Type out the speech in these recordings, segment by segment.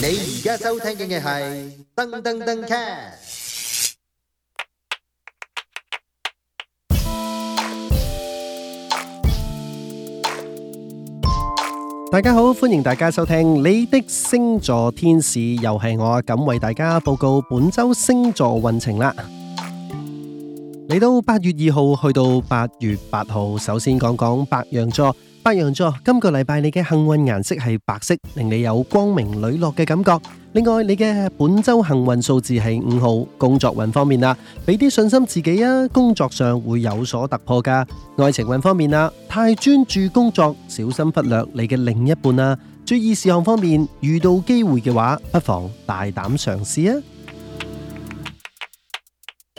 你而家收聽嘅係噔噔噔 cast。大家好，歡迎大家收聽你的星座天使，又係我阿感為大家報告本周星座運程啦。嚟到八月二號去到八月八號，首先講講白羊座。白羊座今個禮拜你嘅幸運顏色係白色，令你有光明磊落嘅感覺。另外，你嘅本周幸運數字係五號。工作運方面啊，俾啲信心自己啊，工作上會有所突破噶愛情運方面啊，太專注工作，小心忽略你嘅另一半啊。注意事項方面，遇到機會嘅話，不妨大膽嘗試啊。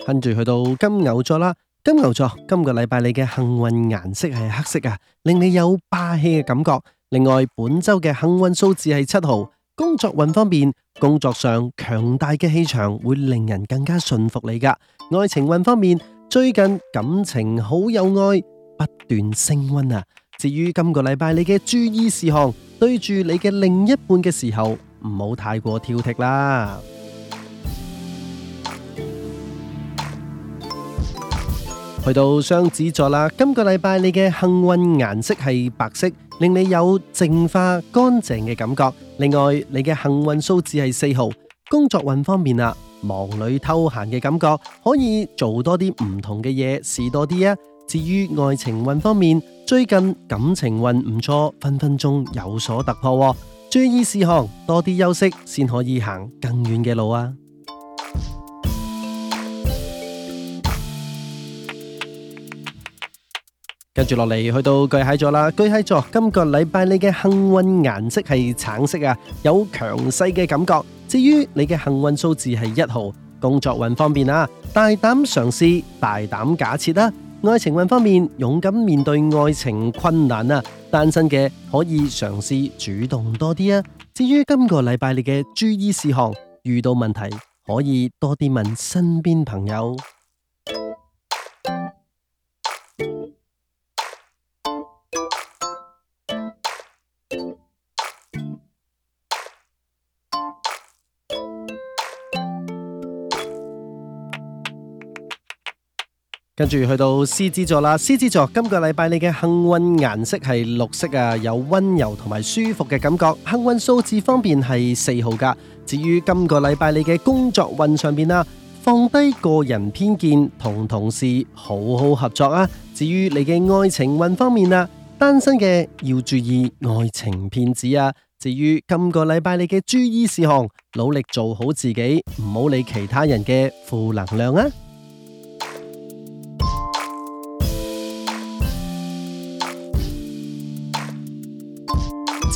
跟住去到金牛座啦，金牛座今個禮拜你嘅幸運顏色係黑色啊，令你有霸氣嘅感覺。另外，本周嘅幸運數字係七號。工作運方面，工作上強大嘅氣場會令人更加信服你噶。愛情運方面，最近感情好有愛，不斷升溫啊。至於今個禮拜你嘅注意事項，對住你嘅另一半嘅時候，唔好太過挑剔啦。去到雙子座啦，今個禮拜你嘅幸運顏色係白色，令你有淨化乾淨嘅感覺。另外，你嘅幸運數字係四號。工作運方面啊，忙裏偷閑嘅感覺，可以做多啲唔同嘅嘢，試多啲啊。至於愛情運方面，最近感情運唔錯，分分鐘有所突破。注意事項，多啲休息先可以行更遠嘅路啊。跟住落嚟，去到巨蟹座啦。巨蟹座今個禮拜你嘅幸運顏色係橙色啊，有強勢嘅感覺。至於你嘅幸運數字係一號，工作運方面啊，大膽嘗試，大膽假設啦、啊。愛情運方面，勇敢面對愛情困難啊。單身嘅可以嘗試主動多啲啊。至於今個禮拜你嘅注意事項，遇到問題可以多啲問身邊朋友。跟住去到獅子座啦，獅子座今個禮拜你嘅幸運顏色係綠色啊，有溫柔同埋舒服嘅感覺。幸運數字方面係四號㗎。至於今個禮拜你嘅工作運上面啊，放低個人偏見，同同事好好合作啊。至於你嘅愛情運方面啊，單身嘅要注意愛情騙子啊。至於今個禮拜你嘅注意事項，努力做好自己，唔好理其他人嘅負能量啊。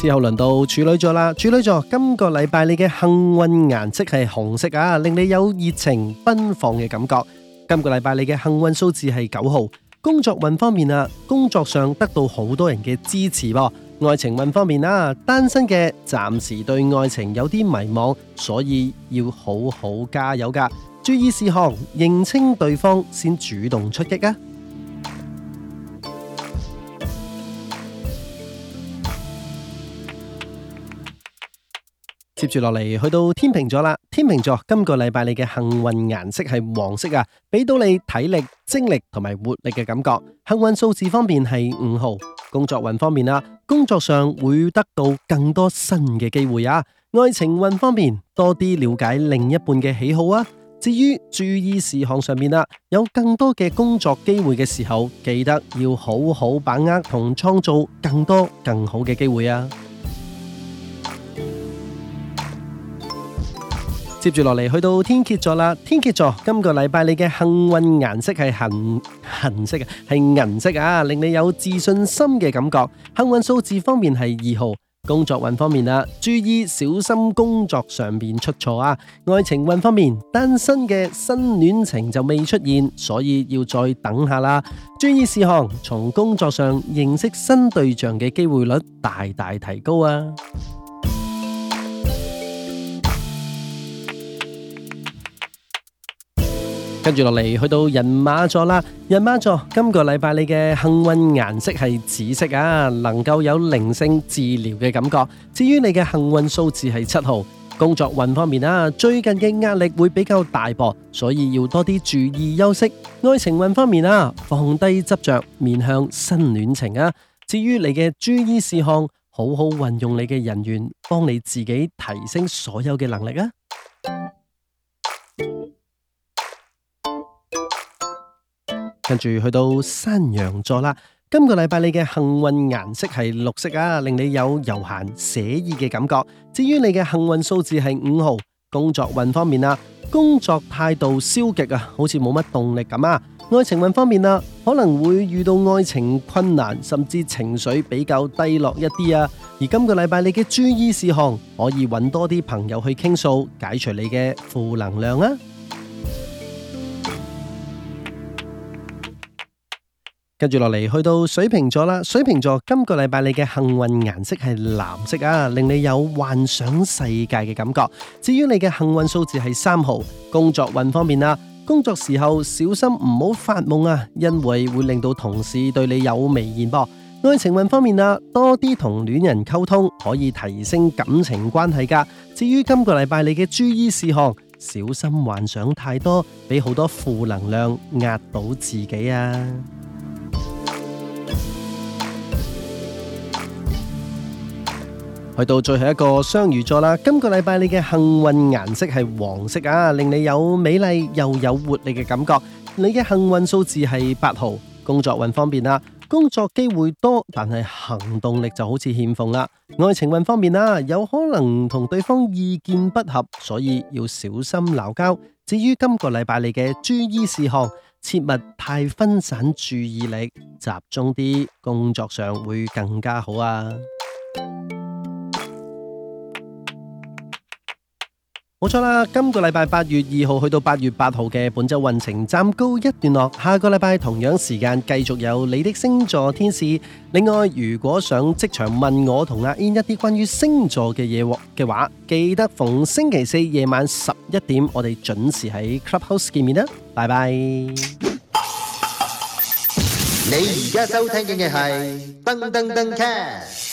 之後輪到處女座啦，處女座今個禮拜你嘅幸運顏色係紅色啊，令你有熱情奔放嘅感覺。今個禮拜你嘅幸運數字係九號。工作運方面啊，工作上得到好多人嘅支持喎。愛情運方面啊，單身嘅暫時對愛情有啲迷惘，所以要好好加油㗎。注意事項，認清對方先主動出擊啊！接住落嚟，去到天秤座啦。天秤座今個禮拜你嘅幸運顏色係黃色啊，俾到你體力、精力同埋活力嘅感覺。幸運數字方面係五號。工作運方面啊，工作上會得到更多新嘅機會啊。愛情運方面，多啲了解另一半嘅喜好啊。至於注意事項上面啦，有更多嘅工作機會嘅時候，記得要好好把握同創造更多更好嘅機會啊。接住落嚟，去到天蠍座啦。天蠍座今個禮拜你嘅幸運顏色係銀銀色係係銀色啊，令你有自信心嘅感覺。幸運數字方面係二號，工作運方面啦、啊，注意小心工作上邊出錯啊。愛情運方面，單身嘅新戀情就未出現，所以要再等下啦。注意事項：從工作上認識新對象嘅機會率大大提高啊。跟住落嚟，去到人馬座啦。人馬座今個禮拜你嘅幸運顏色係紫色啊，能夠有靈性治療嘅感覺。至於你嘅幸運數字係七號。工作運方面啊，最近嘅壓力會比較大噃，所以要多啲注意休息。愛情運方面啊，放低執着，面向新戀情啊。至於你嘅注意事項，好好運用你嘅人緣，幫你自己提升所有嘅能力啊。跟住去到山羊座啦，今個禮拜你嘅幸運顏色係綠色啊，令你有悠閒寫意嘅感覺。至於你嘅幸運數字係五號，工作運方面啊，工作態度消極啊，好似冇乜動力咁啊。愛情運方面啦、啊，可能會遇到愛情困難，甚至情緒比較低落一啲啊。而今個禮拜你嘅注意事項，可以揾多啲朋友去傾訴，解除你嘅負能量啊。跟住落嚟，去到水瓶座啦。水瓶座今個禮拜你嘅幸運顏色係藍色啊，令你有幻想世界嘅感覺。至於你嘅幸運數字係三號，工作運方面啊，工作時候小心唔好發夢啊，因為會令到同事對你有微言噃。愛情運方面啊，多啲同戀人溝通，可以提升感情關係噶。至於今個禮拜你嘅注意事項，小心幻想太多，俾好多負能量壓到自己啊。去到最後一個雙魚座啦，今個禮拜你嘅幸運顏色係黃色啊，令你有美麗又有活力嘅感覺。你嘅幸運數字係八號，工作運方便啦，工作機會多，但係行動力就好似欠奉啦。愛情運方面啦，有可能同對方意見不合，所以要小心鬧交。至於今個禮拜你嘅注意事項，切勿太分散注意力，集中啲工作上會更加好啊。冇錯啦，今個禮拜八月二號去到八月八號嘅本周運程暫告一段落，下個禮拜同樣時間繼續有你的星座天使。另外，如果想即場問我同阿 In 一啲關於星座嘅嘢嘅話，記得逢星期四夜晚十一點，我哋準時喺 Clubhouse 見面啦。拜拜。你而家收聽緊嘅係噔噔噔 cash。